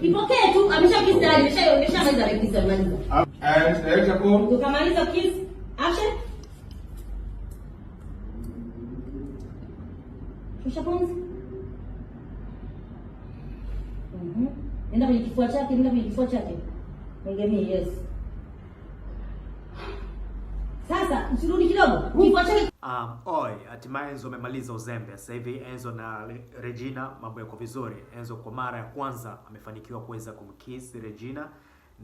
Ipokee tu, ameshakisali, ameshaonyesha mali za rekisa maliza. Eh, direct hapo. Ukamaliza kiss, action. Shusha pumzi. Mhm. Nenda kwenye kifua chake, nenda kwenye kifua chake. Egemee, yes. Sasa usirudi kidogo. Kifua Um, oi, hatimaye Enzo amemaliza uzembe. Sasa hivi Enzo na Regina mambo yako vizuri. Enzo kwa mara ya kwanza amefanikiwa kuweza kumkiss Regina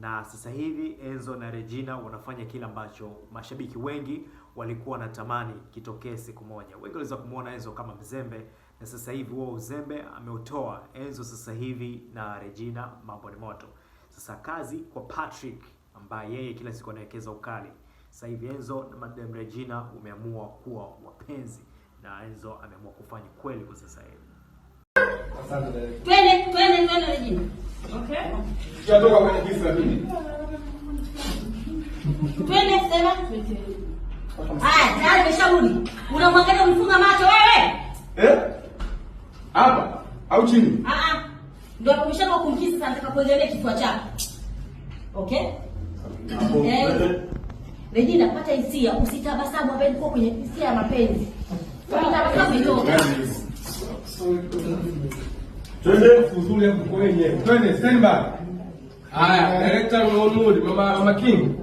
na sasa hivi Enzo na Regina wanafanya kile ambacho mashabiki wengi walikuwa wanatamani kitokee siku moja. Wengi waliweza kumwona Enzo kama mzembe na sasa hivi huo uzembe ameutoa. Enzo sasa hivi na Regina mambo ni moto. Sasa kazi kwa Patrick ambaye yeye kila siku anawekeza ukali. Sasa hivi Enzo na Madam Regina umeamua kuwa wapenzi na Enzo ameamua kufanya kweli kwa sasa hivi. Twende, twende, twende Regina. Okay. kisa Twende tayari Unamwangalia mfunga macho wewe? Eh? Hapa au chini? Ah ah. Ndio umeshaka kumkisa sasa nataka kuendelea kifua chako. Okay? Hapo. Eh? Regina napata hisia usitabasamu ambaye ilikuwa kwenye hisia ya mapenzi. Tabasamu ndio. Yaani, twende kuzuri hapo kwa yenyewe. Twende stand by. Haya, director wa Mnunuri, mama mama King.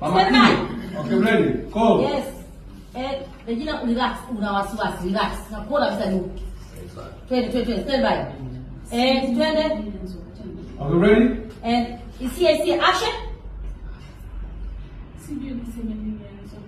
Mama King. Okay, ready. Call. Yes. Eh, Regina relax, una wasiwasi, relax. Na Nakuona kabisa ni. Twende, twende, twende, stand by. Eh, twende. Are you ready? Eh, hisia hisia action. decidido ser vegetariano.